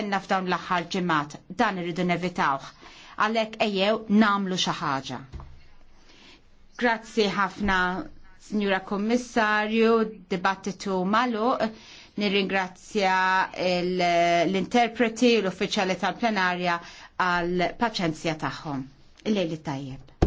kellna f'dawn l-aħħar ġimgħat. Dan irridu nevitawh. Għalhekk ejjew namlu xi ħaġa. Grazzi ħafna Signora Kommissarju, dibattitu malu, nirringrazzja l-interpreti u l-uffiċjali tal-plenarja għal paċenzja tagħhom. Il-lejli tajjeb.